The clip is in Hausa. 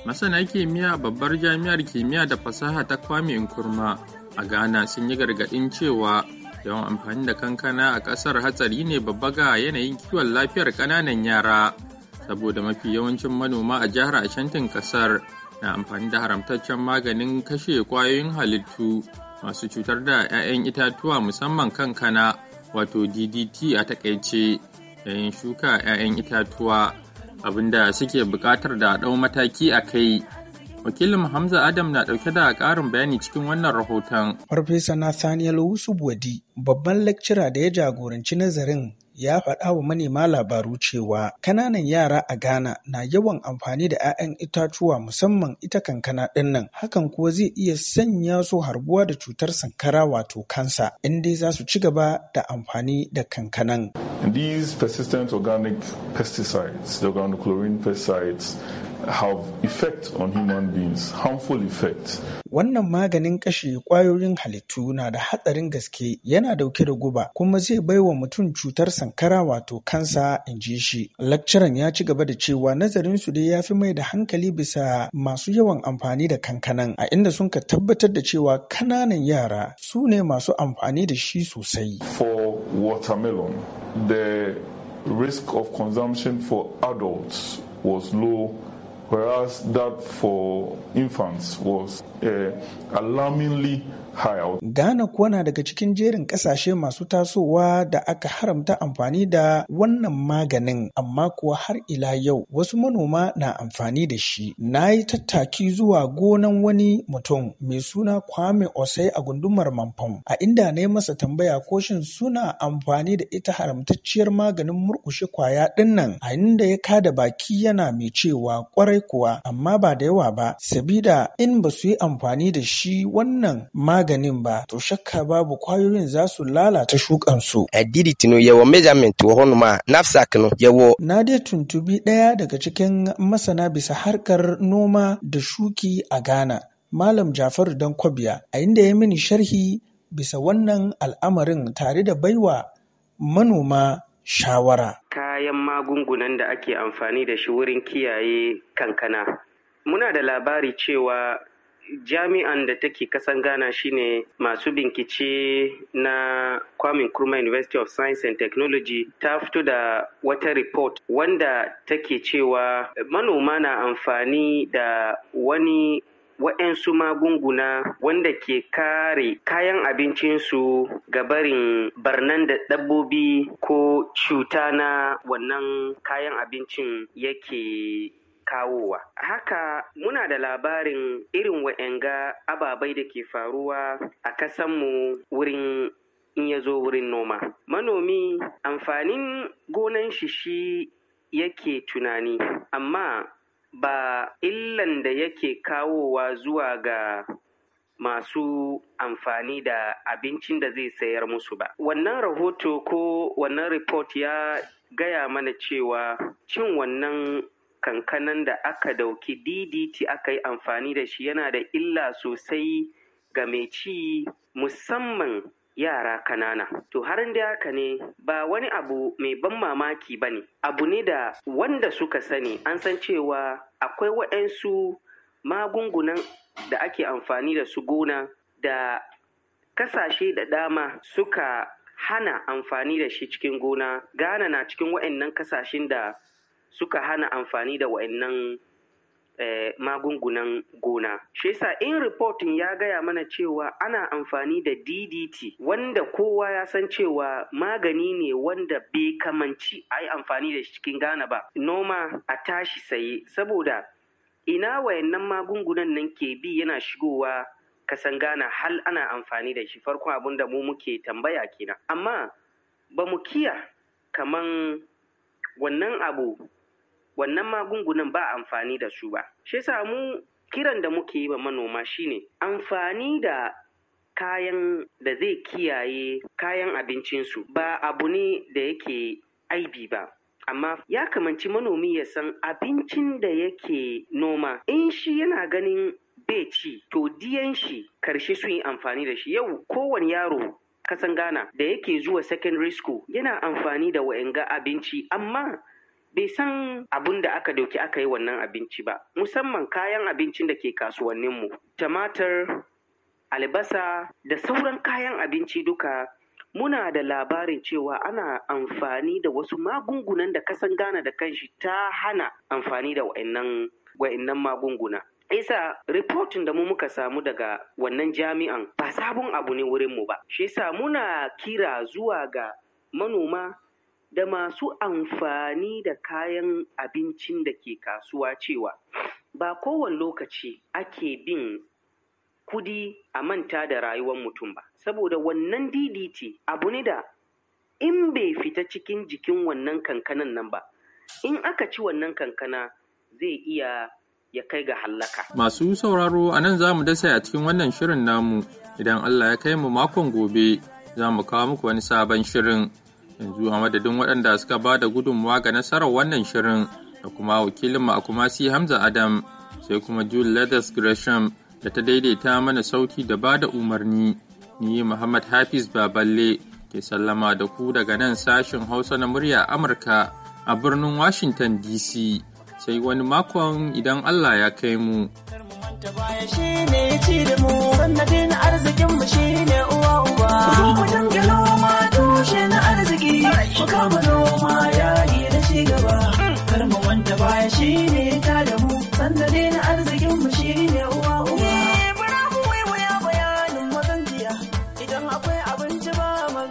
Masana kimiyya babbar jami'ar kimiyya da fasaha ta Kwame Nkurma a Ghana sun yi gargaɗin cewa yawan amfani da kankana a ƙasar hatsari ne babba ga yanayin kiwon lafiyar ƙananan yara saboda mafi yawancin manoma a jihar Ashantin ƙasar na amfani da haramtaccen maganin kashe ƙwayoyin halittu masu cutar da 'ya'yan itatuwa musamman kankana wato DDT a takaice yayin shuka 'ya'yan itatuwa. abinda suke buƙatar da ɗau mataki a kai Wakilin Hamza Adam na dauke da ƙarin bayani cikin wannan rahoton. Farfesa Nathaniel Wusubwadi, babban lecturer da ya jagoranci nazarin ya faɗa wa manema labaru cewa kananan yara a Ghana na yawan amfani da 'ya'yan itatuwa musamman ita kankana ɗin nan hakan kuwa zai iya sanya su harbuwa da cutar sankara wato kansa inda za su ci gaba da amfani da kankanan. These persistent organic pesticides, the organochlorine pesticides have effect on human beings, harmful effect. Wannan maganin kashe kwayoyin halittu na da hatsarin gaske yana dauke da guba kuma zai baiwa mutum cutar sankara wato kansa in ji shi. Lakciran ya ci gaba da cewa nazarin su dai ya fi mai da hankali bisa masu yawan amfani da kankanan a inda sun ka tabbatar da cewa kananan yara su ne masu amfani da shi sosai. For watermelon, the risk of consumption for adults was low whereas that for infants was uh, alarmingly high. Ghana kuwa na daga cikin jerin kasashe masu tasowa da aka haramta amfani da wannan maganin amma kuwa har ila yau wasu manoma na amfani da shi. Na yi tattaki zuwa gonan wani mutum mai suna Kwame Osai a gundumar Mamfam a inda na yi masa tambaya ko shin suna amfani da ita haramtacciyar maganin murkushe kwaya dinnan a inda ya kada baki yana mai cewa kwarai kuwa amma ba da yawa ba sabida in ba su yi amfani da shi wannan maganin ba to shakka babu kwayoyin za su lalata shukansu. Addidi tuno yawo measurement wahonu ma nafsak no yawo. Na dai tuntubi ɗaya daga cikin masana bisa harkar noma da shuki a Ghana. Malam Jafaru Dankwabiya a inda ya mini sharhi bisa wannan al'amarin tare da baiwa manoma shawara. kayan magungunan da ake amfani da shi wurin kiyaye kankana. Muna da labari cewa jami'an da take kasan Ghana shine masu binkice na Kwame Nkrumah University of Science and Technology ta fito da wata report wanda take cewa manoma na amfani da wani waɗansu magunguna wanda ke kare kayan abincinsu ga barin barnan da dabbobi ko cuta na wannan kayan abincin yake kawowa. Haka muna da labarin irin wa'yanga ababai da ke faruwa a kasanmu wurin in ya zo wurin noma. Manomi amfanin gonan shi shi yake tunani, amma ba illan da yake kawowa zuwa ga masu amfani da abincin da zai sayar musu ba. Wannan rahoto ko wannan report ya gaya mana cewa cin wannan kankanan da aka dauki DDT aka yi amfani da shi yana da illa sosai ga mai ci musamman yara kanana. To har da haka ne ba wani abu mai ban mamaki ba ne, abu ne da wanda suka sani an san cewa akwai waɗansu magungunan da ake amfani da su gona da kasashe da dama suka hana amfani da shi cikin gona. Ghana na cikin waɗannan kasashen da suka hana amfani da waɗannan Eh, magungunan gona. Shi yasa in reporting ya gaya mana cewa ana amfani da DDT wanda kowa ya san cewa magani ne wanda bai kamanci a yi amfani da shi cikin gana ba. Noma a tashi saye saboda ina wayannan magungunan nan ke bi yana shigowa kasan Ghana hal ana amfani da shi farkon abin da mu muke tambaya kenan. Amma ba mu kiya kaman wannan abu wannan magungunan ba amfani da su ba shi yasa mu kiran da muke yi wa manoma shine amfani da kayan da zai kiyaye kayan abincinsu ba abu ne da yake aibi ba amma ya kamanci manomi ya san abincin da yake noma in shi yana ganin bai ci to diyan shi karshe sun yi amfani da shi yau kowane yaro kasan Ghana da yake zuwa secondary school yana amfani da wa'anga abinci amma bai san abin da aka dauki aka yi wannan abinci ba musamman kayan abincin da ke kasuwanninmu tumatir albasa da sauran kayan abinci duka muna da labarin cewa ana amfani da wasu magungunan da kasan gana da kanshi ta hana amfani da wa'annan magunguna isa rifotin da mu muka samu daga wannan jami'an ba sabon abu ne wurinmu ba shi muna kira zuwa ga manoma da masu amfani da kayan abincin da ke kasuwa cewa ba kowane lokaci ake bin kudi a manta da rayuwar mutum ba saboda wannan DDT abu ne da in bai fita cikin jikin wannan kankanan nan ba in aka ci wannan kankana zai iya ya kai ga hallaka. Masu sauraro a nan za mu dasa a cikin wannan shirin namu idan Allah ya kai mu makon gobe za mu kawo muku wani sabon shirin. yanzu a madadin waɗanda suka ba da gudunmawa ga nasarar wannan shirin da kuma wakilinmu a kumasi hamza adam sai kuma jude leathers gresham da ta daidaita mana sauti da ba da umarni ni muhammad hafiz baballe ke sallama da ku daga nan sashen hausa na murya amurka a birnin washington dc sai wani makon idan allah ya kai mu sanadin arzikinmu shine uwa ma tushe na arziki, mu kama noma